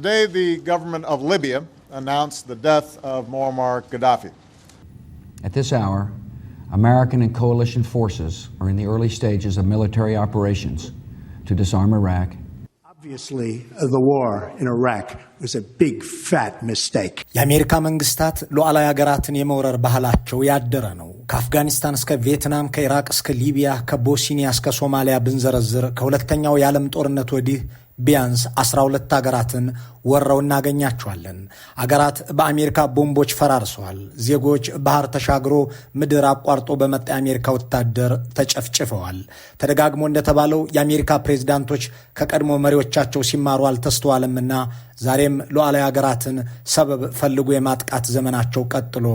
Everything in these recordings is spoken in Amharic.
Today, the government of Libya announced the death of Muammar Gaddafi. At this hour, American and coalition forces are in the early stages of military operations to disarm Iraq. Obviously, the war in Iraq was a big fat mistake. የአሜሪካ መንግስታት ሉዓላዊ ሀገራትን የመውረር ባህላቸው ያደረ ነው። ከአፍጋኒስታን እስከ ቪየትናም፣ ከኢራቅ እስከ ሊቢያ፣ ከቦስኒያ እስከ ሶማሊያ ብንዘረዝር ከሁለተኛው የዓለም ጦርነት ወዲህ ቢያንስ 12 ሀገራትን ወረው እናገኛቸዋለን። አገራት በአሜሪካ ቦምቦች ፈራርሰዋል። ዜጎች ባህር ተሻግሮ ምድር አቋርጦ በመጣ የአሜሪካ ወታደር ተጨፍጭፈዋል። ተደጋግሞ እንደተባለው የአሜሪካ ፕሬዝዳንቶች ከቀድሞ መሪዎቻቸው ሲማሩ አልተስተዋለምና ዛሬም ሉዓላዊ ሀገራትን ሰበብ ፈልጎ የማጥቃት ዘመናቸው ቀጥሎ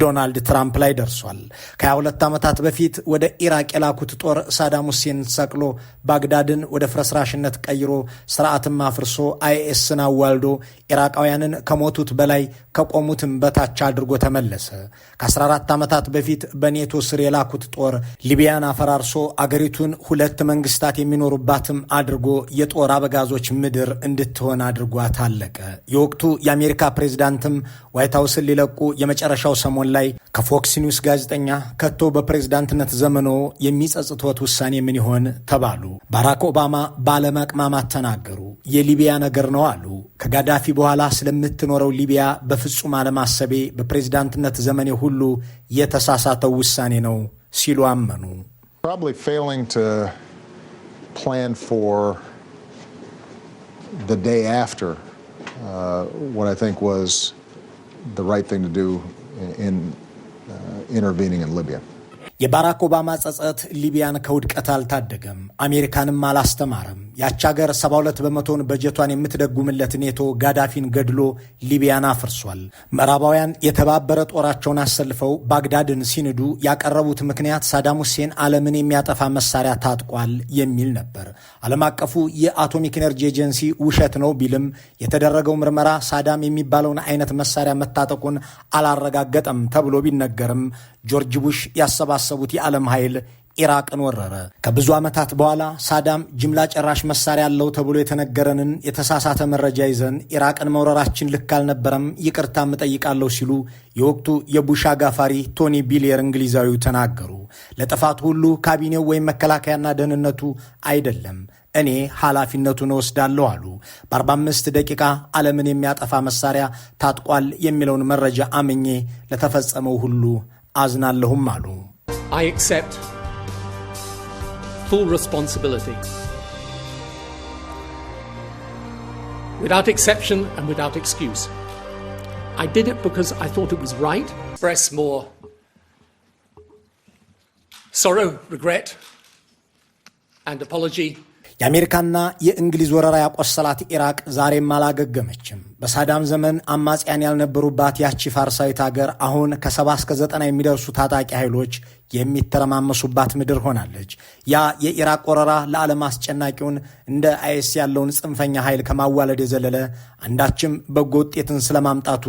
ዶናልድ ትራምፕ ላይ ደርሷል። ከ22 ዓመታት በፊት ወደ ኢራቅ የላኩት ጦር ሳዳም ሁሴን ሰቅሎ ባግዳድን ወደ ፍርስራሽነት ቀይሮ ስርዓትም አፍርሶ አይኤስን አዋ ተዋልዶ ኢራቃውያንን ከሞቱት በላይ ከቆሙትም በታች አድርጎ ተመለሰ። ከ14 ዓመታት በፊት በኔቶ ስር የላኩት ጦር ሊቢያን አፈራርሶ አገሪቱን ሁለት መንግስታት የሚኖሩባትም አድርጎ የጦር አበጋዞች ምድር እንድትሆን አድርጓት አለቀ። የወቅቱ የአሜሪካ ፕሬዝዳንትም ዋይት ሀውስን ሊለቁ የመጨረሻው ሰሞን ላይ ከፎክስ ኒውስ ጋዜጠኛ ከቶ በፕሬዝዳንትነት ዘመኖ የሚጸጽቶት ውሳኔ ምን ይሆን ተባሉ። ባራክ ኦባማ ባለመቅማማት ተናገሩ። የሊቢያ ነገር ነው አሉ። ከጋዳፊ በኋላ ስለምትኖረው ሊቢያ በፍጹም አለማሰቤ በፕሬዝዳንትነት ዘመኔ ሁሉ የተሳሳተው ውሳኔ ነው ሲሉ አመኑ። uh, uh, የባራክ ኦባማ ጸጸት ሊቢያን ከውድቀት አልታደገም፣ አሜሪካንም አላስተማረም። ያች ሀገር 72 በመቶን በጀቷን የምትደጉምለት ኔቶ ጋዳፊን ገድሎ ሊቢያን አፍርሷል። ምዕራባውያን የተባበረ ጦራቸውን አሰልፈው ባግዳድን ሲንዱ ያቀረቡት ምክንያት ሳዳም ሁሴን ዓለምን የሚያጠፋ መሳሪያ ታጥቋል የሚል ነበር። ዓለም አቀፉ የአቶሚክ ኤነርጂ ኤጀንሲ ውሸት ነው ቢልም የተደረገው ምርመራ ሳዳም የሚባለውን አይነት መሳሪያ መታጠቁን አላረጋገጠም ተብሎ ቢነገርም ጆርጅ ቡሽ ያሰባሰቡት የዓለም ኃይል ኢራቅን ወረረ። ከብዙ ዓመታት በኋላ ሳዳም ጅምላ ጨራሽ መሳሪያ አለው ተብሎ የተነገረንን የተሳሳተ መረጃ ይዘን ኢራቅን መውረራችን ልክ አልነበረም፣ ይቅርታም እጠይቃለሁ ሲሉ የወቅቱ የቡሽ አጋፋሪ ቶኒ ቢሊየር እንግሊዛዊው ተናገሩ። ለጥፋቱ ሁሉ ካቢኔው ወይም መከላከያና ደህንነቱ አይደለም እኔ ኃላፊነቱን እወስዳለሁ አሉ። በ45 ደቂቃ ዓለምን የሚያጠፋ መሳሪያ ታጥቋል የሚለውን መረጃ አምኜ ለተፈጸመው ሁሉ አዝናለሁም አሉ። full responsibility. Without exception and without excuse. I did it because I thought it was right. Express more sorrow, regret, and apology የአሜሪካና የእንግሊዝ ወረራ ያቆሰላት ኢራቅ ዛሬም አላገገመችም። በሳዳም ዘመን አማጽያን ያልነበሩባት ያቺ ፋርሳዊት ሀገር አሁን ከሰባ እስከ ዘጠና የሚደርሱ ታጣቂ ኃይሎች የሚተረማመሱባት ምድር ሆናለች። ያ የኢራቅ ወረራ ለዓለም አስጨናቂውን እንደ አይኤስ ያለውን ጽንፈኛ ኃይል ከማዋለድ የዘለለ አንዳችም በጎ ውጤትን ስለማምጣቱ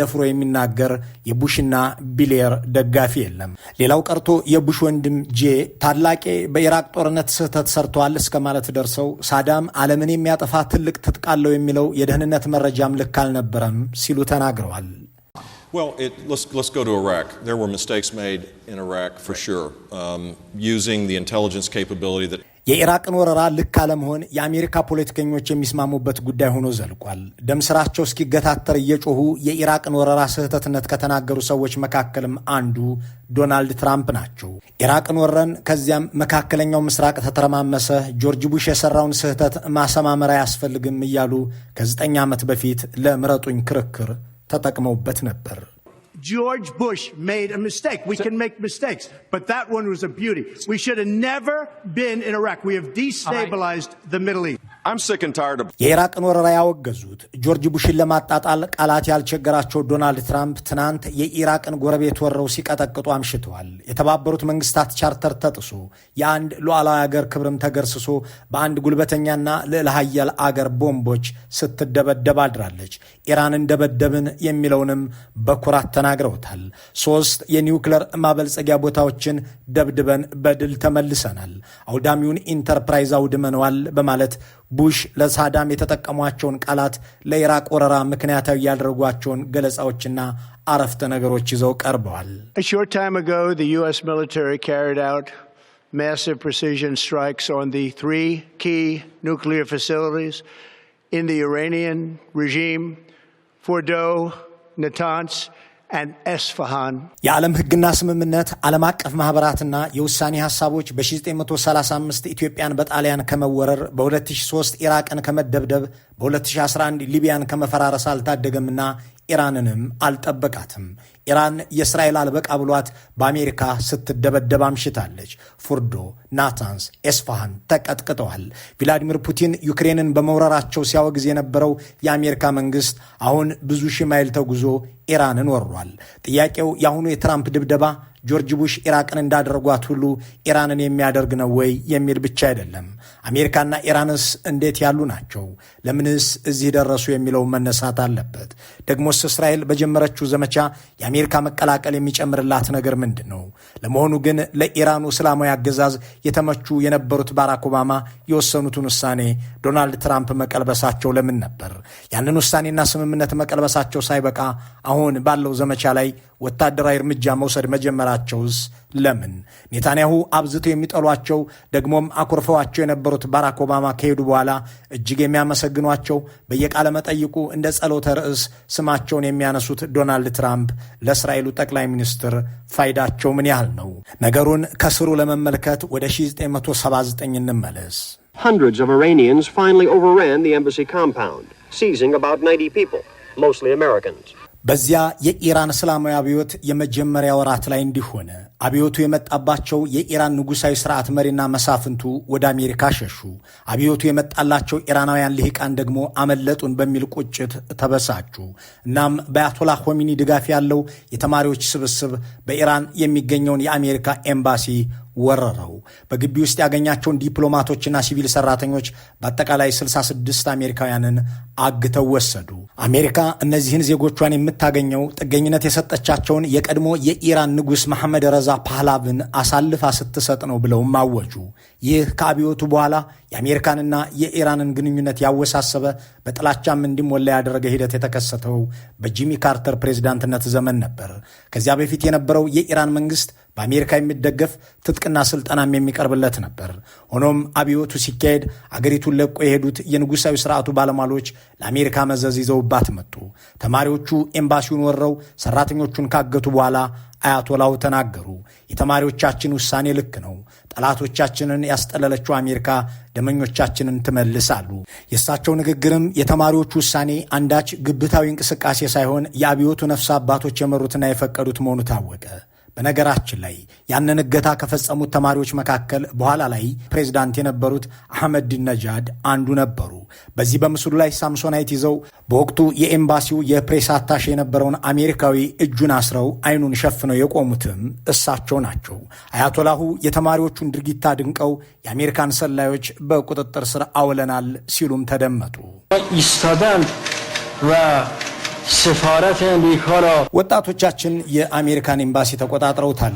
ደፍሮ የሚናገር የቡሽና ቢሌየር ደጋፊ የለም። ሌላው ቀርቶ የቡሽ ወንድም ጄ ታላቄ በኢራቅ ጦርነት ስህተት ሰርተዋል እስከ ማለት ደርሰው ሳዳም ዓለምን የሚያጠፋ ትልቅ ትጥቅ አለው የሚለው የደህንነት መረጃም ልክ አልነበረም ሲሉ ተናግረዋል። Well, it, let's, let's go to Iraq. There were mistakes made in Iraq for right. sure, um, using the intelligence capability that የኢራቅን ወረራ ልክ አለመሆን የአሜሪካ ፖለቲከኞች የሚስማሙበት ጉዳይ ሆኖ ዘልቋል። ደም ስራቸው እስኪገታተር እየጮሁ የኢራቅን ወረራ ስህተትነት ከተናገሩ ሰዎች መካከልም አንዱ ዶናልድ ትራምፕ ናቸው። ኢራቅን ወረን፣ ከዚያም መካከለኛው ምስራቅ ተተረማመሰ፣ ጆርጅ ቡሽ የሰራውን ስህተት ማሰማመር አያስፈልግም እያሉ ከዘጠኝ ዓመት በፊት ለምረጡኝ ክርክር ተጠቅመውበት ነበር። ጆርጅ ቡሽ made a mistake. We can make mistakes, but that one was a beauty. We should have never been in Iraq. We have destabilized the Middle East. የኢራቅን ወረራ ያወገዙት ጆርጅ ቡሽን ለማጣጣል ቃላት ያልቸገራቸው ዶናልድ ትራምፕ ትናንት የኢራቅን ጎረቤት ወረው ሲቀጠቅጡ አምሽተዋል። የተባበሩት መንግስታት ቻርተር ተጥሶ የአንድ ሉዓላዊ አገር ክብርም ተገርስሶ በአንድ ጉልበተኛና ልዕለ ሀያል አገር ቦምቦች ስትደበደብ አድራለች። ኢራንን ደበደብን የሚለውንም በኩራት ተናግረውታል። ሶስት የኒውክለር ማበልጸጊያ ቦታዎችን ደብድበን በድል ተመልሰናል፣ አውዳሚውን ኢንተርፕራይዝ አውድመነዋል በማለት ቡሽ ለሳዳም የተጠቀሟቸውን ቃላት ለኢራቅ ወረራ ምክንያታዊ ያደረጓቸውን ገለጻዎችና አረፍተ ነገሮች ይዘው ቀርበዋል። massive precision strikes on the three key nuclear facilities in the Iranian regime Fordo, Natanz, የዓለም ሕግና ስምምነት ዓለም አቀፍ ማኅበራትና የውሳኔ ሐሳቦች በ1935 ኢትዮጵያን በጣሊያን ከመወረር በ2003 ኢራቅን ከመደብደብ በ2011 ሊቢያን ከመፈራረስ አልታደገምና ኢራንንም አልጠበቃትም። ኢራን የእስራኤል አልበቃ ብሏት በአሜሪካ ስትደበደብ አምሽታለች። ፉርዶ፣ ናታንስ፣ ኤስፋሃን ተቀጥቅጠዋል። ቪላዲሚር ፑቲን ዩክሬንን በመውረራቸው ሲያወግዝ የነበረው የአሜሪካ መንግስት አሁን ብዙ ሺህ ማይል ተጉዞ ኢራንን ወሯል። ጥያቄው የአሁኑ የትራምፕ ድብደባ ጆርጅ ቡሽ ኢራቅን እንዳደረጓት ሁሉ ኢራንን የሚያደርግ ነው ወይ የሚል ብቻ አይደለም። አሜሪካና ኢራንስ እንዴት ያሉ ናቸው? ለምንስ እዚህ ደረሱ? የሚለው መነሳት አለበት። ደግሞስ እስራኤል በጀመረችው ዘመቻ አሜሪካ መቀላቀል የሚጨምርላት ነገር ምንድን ነው? ለመሆኑ ግን ለኢራኑ እስላማዊ አገዛዝ የተመቹ የነበሩት ባራክ ኦባማ የወሰኑትን ውሳኔ ዶናልድ ትራምፕ መቀልበሳቸው ለምን ነበር? ያንን ውሳኔና ስምምነት መቀልበሳቸው ሳይበቃ አሁን ባለው ዘመቻ ላይ ወታደራዊ እርምጃ መውሰድ መጀመራቸውስ ለምን? ኔታንያሁ አብዝተው የሚጠሏቸው ደግሞም አኩርፈዋቸው የነበሩት ባራክ ኦባማ ከሄዱ በኋላ እጅግ የሚያመሰግኗቸው በየቃለ መጠይቁ እንደ ጸሎተ ርዕስ ስማቸውን የሚያነሱት ዶናልድ ትራምፕ ለእስራኤሉ ጠቅላይ ሚኒስትር ፋይዳቸው ምን ያህል ነው? ነገሩን ከስሩ ለመመልከት ወደ 1979 እንመለስ። Hundreds of Iranians finally overran the embassy compound, seizing about 90 people, mostly Americans. በዚያ የኢራን እስላማዊ አብዮት የመጀመሪያ ወራት ላይ እንዲሆነ አብዮቱ የመጣባቸው የኢራን ንጉሳዊ ስርዓት መሪና መሳፍንቱ ወደ አሜሪካ ሸሹ። አብዮቱ የመጣላቸው ኢራናውያን ልሂቃን ደግሞ አመለጡን በሚል ቁጭት ተበሳጩ። እናም በአያቶላ ሆሚኒ ድጋፍ ያለው የተማሪዎች ስብስብ በኢራን የሚገኘውን የአሜሪካ ኤምባሲ ወረረው። በግቢ ውስጥ ያገኛቸውን ዲፕሎማቶችና ሲቪል ሰራተኞች በአጠቃላይ 66 አሜሪካውያንን አግተው ወሰዱ። አሜሪካ እነዚህን ዜጎቿን የምታገኘው ጥገኝነት የሰጠቻቸውን የቀድሞ የኢራን ንጉሥ መሐመድ ረዛ ፓህላብን አሳልፋ ስትሰጥ ነው ብለውም አወጁ። ይህ ከአብዮቱ በኋላ የአሜሪካንና የኢራንን ግንኙነት ያወሳሰበ በጥላቻም እንዲሞላ ያደረገ ሂደት የተከሰተው በጂሚ ካርተር ፕሬዚዳንትነት ዘመን ነበር። ከዚያ በፊት የነበረው የኢራን መንግስት በአሜሪካ የሚደገፍ ትጥቅና ስልጠናም የሚቀርብለት ነበር። ሆኖም አብዮቱ ሲካሄድ አገሪቱን ለቆ የሄዱት የንጉሳዊ ስርዓቱ ባለሟሎች ለአሜሪካ መዘዝ ይዘውባት መጡ። ተማሪዎቹ ኤምባሲውን ወረው ሰራተኞቹን ካገቱ በኋላ አያቶላው ተናገሩ። የተማሪዎቻችን ውሳኔ ልክ ነው። ጠላቶቻችንን ያስጠለለችው አሜሪካ ደመኞቻችንን ትመልስ አሉ። የእሳቸው ንግግርም የተማሪዎቹ ውሳኔ አንዳች ግብታዊ እንቅስቃሴ ሳይሆን የአብዮቱ ነፍስ አባቶች የመሩትና የፈቀዱት መሆኑ ታወቀ። በነገራችን ላይ ያንን እገታ ከፈጸሙት ተማሪዎች መካከል በኋላ ላይ ፕሬዚዳንት የነበሩት አህመድ ነጃድ አንዱ ነበሩ። በዚህ በምስሉ ላይ ሳምሶናይት ይዘው በወቅቱ የኤምባሲው የፕሬስ አታሽ የነበረውን አሜሪካዊ እጁን አስረው አይኑን ሸፍነው የቆሙትም እሳቸው ናቸው። አያቶላሁ የተማሪዎቹን ድርጊት አድንቀው የአሜሪካን ሰላዮች በቁጥጥር ስር አውለናል ሲሉም ተደመጡ። ስፋረት ሊኮራ ወጣቶቻችን የአሜሪካን ኤምባሲ ተቆጣጥረውታል።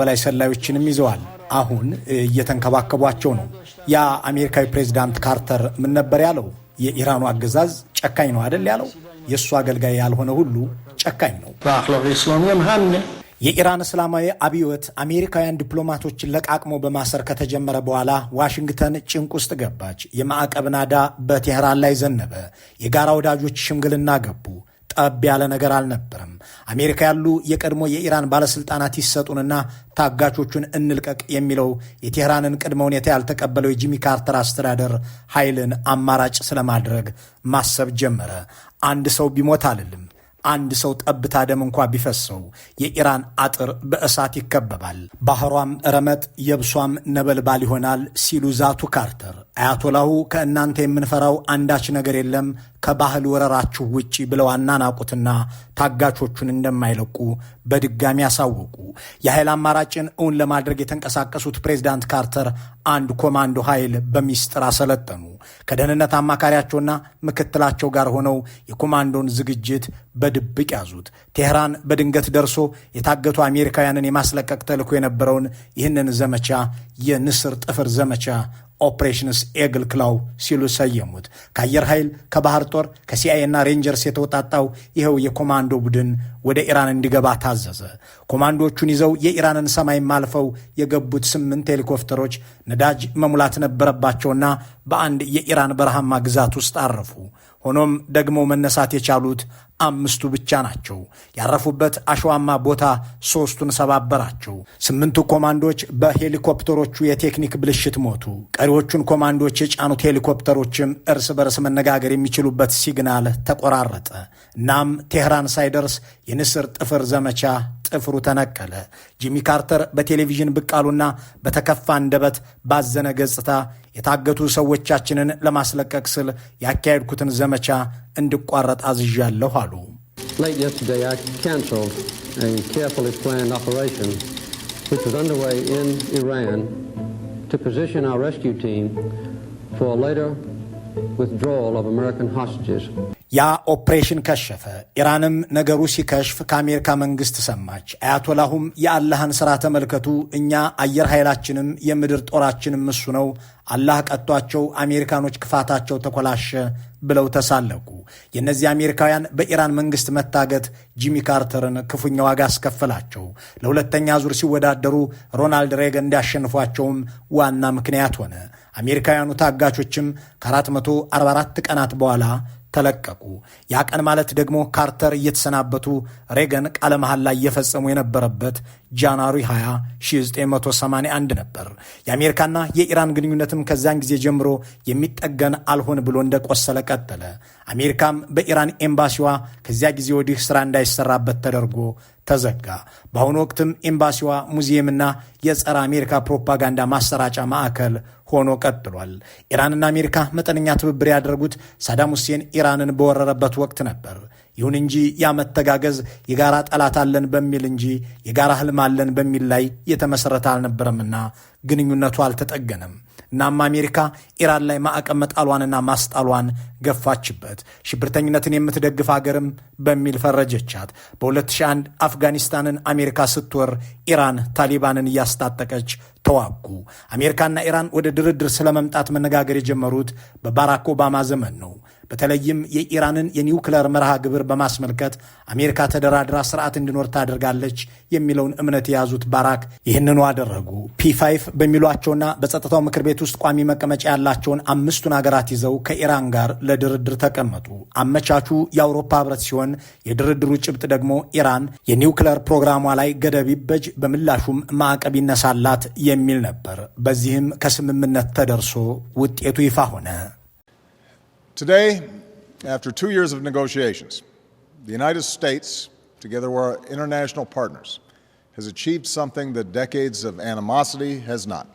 በላይ ሰላዮችንም ይዘዋል። አሁን እየተንከባከቧቸው ነው። ያ አሜሪካዊ ፕሬዚዳንት ካርተር ምን ነበር ያለው? የኢራኑ አገዛዝ ጨካኝ ነው አይደል ያለው። የእሱ አገልጋይ ያልሆነ ሁሉ ጨካኝ ነው። በአክላቅ ሀን የኢራን እስላማዊ አብዮት አሜሪካውያን ዲፕሎማቶችን ለቃቅሞ በማሰር ከተጀመረ በኋላ ዋሽንግተን ጭንቅ ውስጥ ገባች። የማዕቀብ ናዳ በቴህራን ላይ ዘነበ። የጋራ ወዳጆች ሽምግልና ገቡ። ጠብ ያለ ነገር አልነበረም። አሜሪካ ያሉ የቀድሞ የኢራን ባለስልጣናት ይሰጡንና ታጋቾቹን እንልቀቅ የሚለው የቴህራንን ቅድመ ሁኔታ ያልተቀበለው የጂሚ ካርተር አስተዳደር ኃይልን አማራጭ ስለማድረግ ማሰብ ጀመረ። አንድ ሰው ቢሞት አልልም አንድ ሰው ጠብታ ደም እንኳ ቢፈሰው የኢራን አጥር በእሳት ይከበባል፣ ባህሯም ረመጥ የብሷም ነበልባል ይሆናል ሲሉ ዛቱ ካርተር። አያቶላሁ ከእናንተ የምንፈራው አንዳች ነገር የለም ከባህል ወረራችሁ ውጪ ብለው አናናቁትና ታጋቾቹን እንደማይለቁ በድጋሚ አሳወቁ። የኃይል አማራጭን እውን ለማድረግ የተንቀሳቀሱት ፕሬዚዳንት ካርተር አንድ ኮማንዶ ኃይል በሚስጥር አሰለጠኑ። ከደህንነት አማካሪያቸውና ምክትላቸው ጋር ሆነው የኮማንዶን ዝግጅት በድብቅ ያዙት። ቴህራን በድንገት ደርሶ የታገቱ አሜሪካውያንን የማስለቀቅ ተልኮ የነበረውን ይህንን ዘመቻ የንስር ጥፍር ዘመቻ ኦፕሬሽንስ ኤግል ክላው ሲሉ ሰየሙት። ከአየር ኃይል፣ ከባህር ጦር፣ ከሲአይኤና ሬንጀርስ የተውጣጣው ይኸው የኮማንዶ ቡድን ወደ ኢራን እንዲገባ ታዘዘ። ኮማንዶዎቹን ይዘው የኢራንን ሰማይ ማልፈው የገቡት ስምንት ሄሊኮፕተሮች ነዳጅ መሙላት ነበረባቸውና በአንድ የኢራን በረሃማ ግዛት ውስጥ አረፉ። ሆኖም ደግሞ መነሳት የቻሉት አምስቱ ብቻ ናቸው። ያረፉበት አሸዋማ ቦታ ሶስቱን ሰባበራቸው። ስምንቱ ኮማንዶች በሄሊኮፕተሮቹ የቴክኒክ ብልሽት ሞቱ። ቀሪዎቹን ኮማንዶች የጫኑት ሄሊኮፕተሮችም እርስ በርስ መነጋገር የሚችሉበት ሲግናል ተቆራረጠ። እናም ቴህራን ሳይደርስ የንስር ጥፍር ዘመቻ ጥፍሩ ተነቀለ። ጂሚ ካርተር በቴሌቪዥን ብቃሉና በተከፋ አንደበት ባዘነ ገጽታ የታገቱ ሰዎቻችንን ለማስለቀቅ ስል ያካሄድኩትን ዘመቻ እንዲቋረጥ አዝዣለሁ አሉ። Late yesterday, I canceled a carefully planned operation which was underway in Iran to position our rescue team for a later withdrawal of American hostages. ያ ኦፕሬሽን ከሸፈ። ኢራንም ነገሩ ሲከሽፍ ከአሜሪካ መንግስት ሰማች። አያቶላሁም የአላህን ሥራ ተመልከቱ፣ እኛ አየር ኃይላችንም የምድር ጦራችንም እሱ ነው፣ አላህ ቀጧቸው፣ አሜሪካኖች ክፋታቸው ተኮላሸ ብለው ተሳለቁ። የእነዚህ አሜሪካውያን በኢራን መንግስት መታገት ጂሚ ካርተርን ክፉኛ ዋጋ አስከፈላቸው። ለሁለተኛ ዙር ሲወዳደሩ ሮናልድ ሬገን እንዲያሸንፏቸውም ዋና ምክንያት ሆነ። አሜሪካውያኑ ታጋቾችም ከ444 ቀናት በኋላ ተለቀቁ። ያ ቀን ማለት ደግሞ ካርተር እየተሰናበቱ ሬገን ቃለ ላይ እየፈጸሙ የነበረበት ጃንዋሪ 20 1981 ነበር። የአሜሪካና የኢራን ግንኙነትም ከዚያን ጊዜ ጀምሮ የሚጠገን አልሆን ብሎ እንደቆሰለ ቀጠለ። አሜሪካም በኢራን ኤምባሲዋ ከዚያ ጊዜ ወዲህ ስራ እንዳይሰራበት ተደርጎ ተዘጋ። በአሁኑ ወቅትም ኤምባሲዋ ሙዚየምና የጸረ አሜሪካ ፕሮፓጋንዳ ማሰራጫ ማዕከል ሆኖ ቀጥሏል። ኢራንና አሜሪካ መጠነኛ ትብብር ያደረጉት ሳዳም ሁሴን ኢራንን በወረረበት ወቅት ነበር። ይሁን እንጂ ያ መተጋገዝ የጋራ ጠላት አለን በሚል እንጂ የጋራ ህልም አለን በሚል ላይ የተመሠረተ አልነበረምና ግንኙነቱ አልተጠገነም። እናም አሜሪካ ኢራን ላይ ማዕቀብ መጣሏንና ማስጣሏን ገፋችበት። ሽብርተኝነትን የምትደግፍ አገርም በሚል ፈረጀቻት። በ2001 አፍጋኒስታንን አሜሪካ ስትወር ኢራን ታሊባንን እያስታጠቀች ተዋጉ። አሜሪካና ኢራን ወደ ድርድር ስለመምጣት መነጋገር የጀመሩት በባራክ ኦባማ ዘመን ነው። በተለይም የኢራንን የኒውክለር መርሃ ግብር በማስመልከት አሜሪካ ተደራድራ ስርዓት እንዲኖር ታደርጋለች የሚለውን እምነት የያዙት ባራክ ይህንኑ አደረጉ። ፒ5 በሚሏቸውና በጸጥታው ምክር ቤት ውስጥ ቋሚ መቀመጫ ያላቸውን አምስቱን አገራት ይዘው ከኢራን ጋር ለድርድር ተቀመጡ። አመቻቹ የአውሮፓ ህብረት ሲሆን የድርድሩ ጭብጥ ደግሞ ኢራን የኒውክለር ፕሮግራሟ ላይ ገደብ ይበጅ፣ በምላሹም ማዕቀብ ይነሳላት የሚል ነበር። በዚህም ከስምምነት ተደርሶ ውጤቱ ይፋ ሆነ። Today, after two years of negotiations, the United States, together with our international partners, has achieved something that decades of animosity has not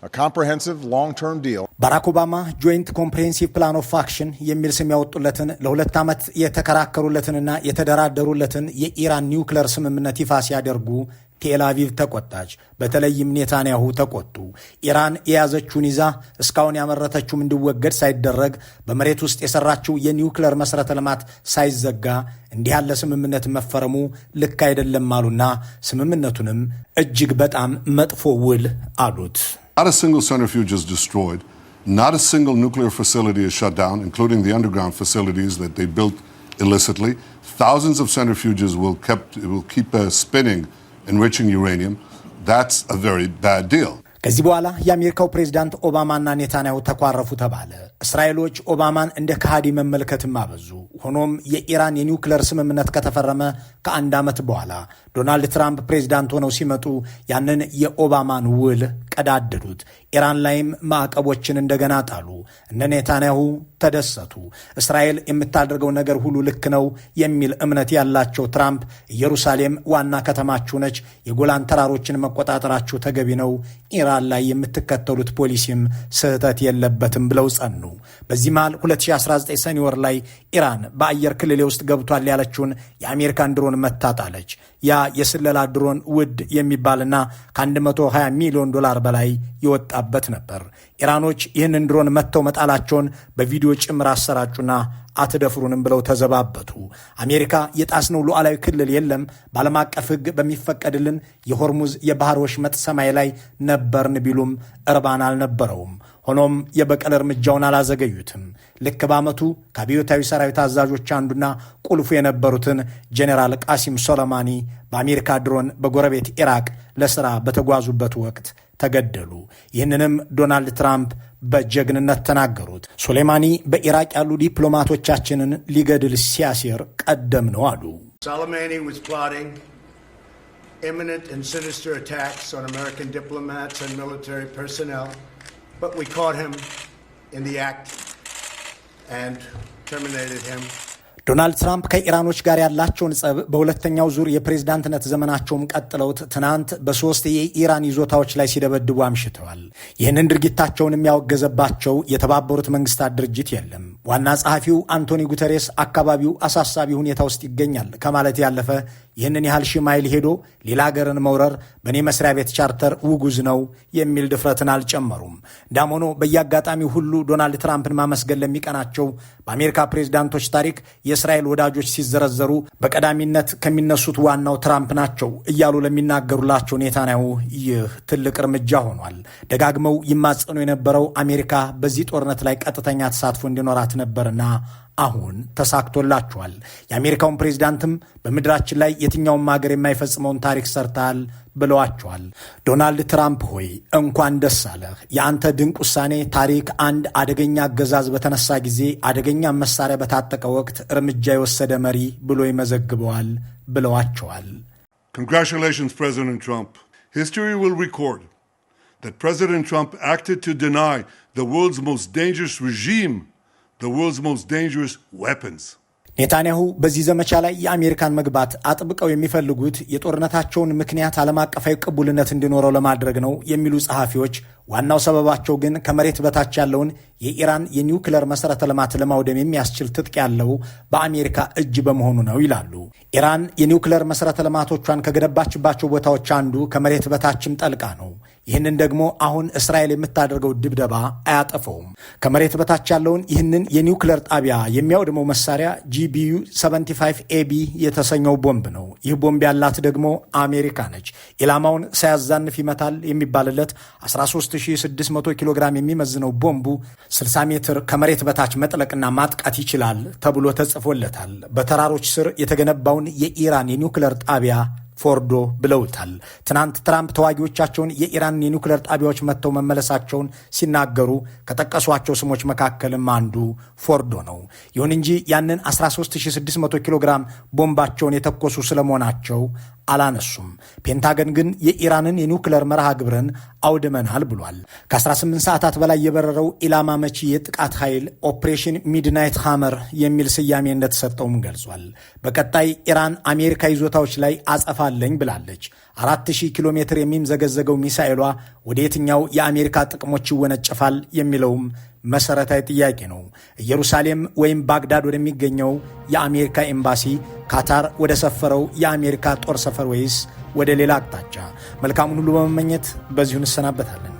a comprehensive long-term deal. ባራክ ኦባማ ጆይንት ኮምፕሬሄንሲቭ ፕላን ኦፍ አክሽን የሚል ስም ያወጡለትን ለሁለት ዓመት የተከራከሩለትንና የተደራደሩለትን የኢራን ኒውክለር ስምምነት ይፋ ሲያደርጉ ቴል አቪቭ ተቆጣች። በተለይም ኔታንያሁ ተቆጡ። ኢራን የያዘችውን ይዛ እስካሁን ያመረተችውም እንዲወገድ ሳይደረግ በመሬት ውስጥ የሰራችው የኒውክለር መሠረተ ልማት ሳይዘጋ እንዲህ ያለ ስምምነት መፈረሙ ልክ አይደለም አሉና ስምምነቱንም እጅግ በጣም መጥፎ ውል አሉት። Not a single centrifuge is destroyed. Not a single nuclear facility is shut down, including the underground facilities that they built illicitly. Thousands of centrifuges will, kept, will keep uh, spinning enriching uranium, that's a very bad deal. ከዚህ በኋላ የአሜሪካው ፕሬዝዳንት ኦባማና ኔታንያሁ ተኳረፉ ተባለ። እስራኤሎች ኦባማን እንደ ከሃዲ መመልከትም አበዙ። ሆኖም የኢራን የኒውክለር ስምምነት ከተፈረመ ከአንድ ዓመት በኋላ ዶናልድ ትራምፕ ፕሬዝዳንት ሆነው ሲመጡ ያንን የኦባማን ውል ቀዳደዱት። ኢራን ላይም ማዕቀቦችን እንደገና ጣሉ። እነ ኔታንያሁ ተደሰቱ። እስራኤል የምታደርገው ነገር ሁሉ ልክ ነው የሚል እምነት ያላቸው ትራምፕ ኢየሩሳሌም ዋና ከተማችሁ ነች፣ የጎላን ተራሮችን መቆጣጠራችሁ ተገቢ ነው፣ ኢራን ላይ የምትከተሉት ፖሊሲም ስህተት የለበትም ብለው ጸኑ። በዚህ መሃል 2019 ሰኔ ወር ላይ ኢራን በአየር ክልሌ ውስጥ ገብቷል ያለችውን የአሜሪካን ድሮን መታጣለች። ያ የስለላ ድሮን ውድ የሚባልና ከ120 ሚሊዮን ዶላር በላይ የወጣበት ነበር። ኢራኖች ይህንን ድሮን መጥተው መጣላቸውን በቪዲዮ ጭምር አሰራጩና አትደፍሩንም ብለው ተዘባበቱ። አሜሪካ የጣስነው ሉዓላዊ ክልል የለም፣ በዓለም አቀፍ ሕግ በሚፈቀድልን የሆርሙዝ የባህር ወሽመጥ ሰማይ ላይ ነበርን ቢሉም እርባን አልነበረውም። ሆኖም የበቀል እርምጃውን አላዘገዩትም። ልክ በዓመቱ ከአብዮታዊ ሰራዊት አዛዦች አንዱና ቁልፉ የነበሩትን ጄኔራል ቃሲም ሶለማኒ በአሜሪካ ድሮን በጎረቤት ኢራቅ ለሥራ በተጓዙበት ወቅት ተገደሉ። ይህንንም ዶናልድ ትራምፕ በጀግንነት ተናገሩት። ሱሌማኒ በኢራቅ ያሉ ዲፕሎማቶቻችንን ሊገድል ሲያሴር ቀደም ነው አሉ። ሱሌማኒ ዶናልድ ትራምፕ ከኢራኖች ጋር ያላቸውን ጸብ በሁለተኛው ዙር የፕሬዝዳንትነት ዘመናቸውም ቀጥለውት ትናንት በሶስት የኢራን ይዞታዎች ላይ ሲደበድቡ አምሽተዋል። ይህንን ድርጊታቸውን የሚያወገዘባቸው የተባበሩት መንግስታት ድርጅት የለም። ዋና ጸሐፊው አንቶኒ ጉተሬስ አካባቢው አሳሳቢ ሁኔታ ውስጥ ይገኛል ከማለት ያለፈ ይህንን ያህል ሺህ ማይል ሄዶ ሌላ አገርን መውረር በእኔ መስሪያ ቤት ቻርተር ውጉዝ ነው የሚል ድፍረትን አልጨመሩም። እንዳም ሆኖ በየአጋጣሚው ሁሉ ዶናልድ ትራምፕን ማመስገን ለሚቀናቸው በአሜሪካ ፕሬዝዳንቶች ታሪክ የእስራኤል ወዳጆች ሲዘረዘሩ በቀዳሚነት ከሚነሱት ዋናው ትራምፕ ናቸው እያሉ ለሚናገሩላቸው ኔታንያሁ ይህ ትልቅ እርምጃ ሆኗል። ደጋግመው ይማጸኑ የነበረው አሜሪካ በዚህ ጦርነት ላይ ቀጥተኛ ተሳትፎ እንዲኖራት ነበርና አሁን ተሳክቶላችኋል። የአሜሪካውን ፕሬዚዳንትም በምድራችን ላይ የትኛውም ሀገር የማይፈጽመውን ታሪክ ሰርተሃል ብለዋቸዋል። ዶናልድ ትራምፕ ሆይ እንኳን ደስ አለህ። የአንተ ድንቅ ውሳኔ ታሪክ አንድ አደገኛ አገዛዝ በተነሳ ጊዜ አደገኛ መሳሪያ በታጠቀ ወቅት እርምጃ የወሰደ መሪ ብሎ ይመዘግበዋል ብለዋቸዋል። ኮንግራቹሌሽንስ ፕሬዚደንት ትራምፕ ሂስትሪ ዊል ሪኮርድ ፕሬዚደንት ትራምፕ acted to deny the world's ኔታንያሁ በዚህ ዘመቻ ላይ የአሜሪካን መግባት አጥብቀው የሚፈልጉት የጦርነታቸውን ምክንያት ዓለም አቀፋዊ ቅቡልነት እንዲኖረው ለማድረግ ነው የሚሉ ጸሐፊዎች ዋናው ሰበባቸው ግን ከመሬት በታች ያለውን የኢራን የኒውክለር መሠረተ ልማት ለማውደም የሚያስችል ትጥቅ ያለው በአሜሪካ እጅ በመሆኑ ነው ይላሉ። ኢራን የኒውክለር መሠረተ ልማቶቿን ከገነባችባቸው ቦታዎች አንዱ ከመሬት በታችም ጠልቃ ነው። ይህንን ደግሞ አሁን እስራኤል የምታደርገው ድብደባ አያጠፈውም። ከመሬት በታች ያለውን ይህንን የኒውክለር ጣቢያ የሚያወድመው መሳሪያ ጂቢዩ 75 ኤቢ የተሰኘው ቦምብ ነው። ይህ ቦምብ ያላት ደግሞ አሜሪካ ነች። ኢላማውን ሳያዛንፍ ይመታል የሚባልለት 13 3600 ኪሎ ግራም የሚመዝነው ቦምቡ 60 ሜትር ከመሬት በታች መጥለቅና ማጥቃት ይችላል ተብሎ ተጽፎለታል። በተራሮች ስር የተገነባውን የኢራን የኒውክለር ጣቢያ ፎርዶ ብለውታል። ትናንት ትራምፕ ተዋጊዎቻቸውን የኢራን የኒውክለር ጣቢያዎች መጥተው መመለሳቸውን ሲናገሩ ከጠቀሷቸው ስሞች መካከልም አንዱ ፎርዶ ነው። ይሁን እንጂ ያንን 13600 ኪሎ ግራም ቦምባቸውን የተኮሱ ስለመሆናቸው አላነሱም። ፔንታገን ግን የኢራንን የኒውክለር መርሃ ግብርን አውድመናል ብሏል። ከ18 ሰዓታት በላይ የበረረው ኢላማ መቺ የጥቃት ኃይል ኦፕሬሽን ሚድናይት ሃመር የሚል ስያሜ እንደተሰጠውም ገልጿል። በቀጣይ ኢራን አሜሪካ ይዞታዎች ላይ አጸፋለኝ ብላለች። 4000 ኪሎ ሜትር የሚምዘገዘገው ሚሳኤሏ ወደ የትኛው የአሜሪካ ጥቅሞች ይወነጨፋል የሚለውም መሰረታዊ ጥያቄ ነው። ኢየሩሳሌም ወይም ባግዳድ ወደሚገኘው የአሜሪካ ኤምባሲ፣ ካታር ወደ ሰፈረው የአሜሪካ ጦር ሰፈር ወይስ ወደ ሌላ አቅጣጫ መልካሙን ሁሉ በመመኘት በዚሁ እንሰናበታለን።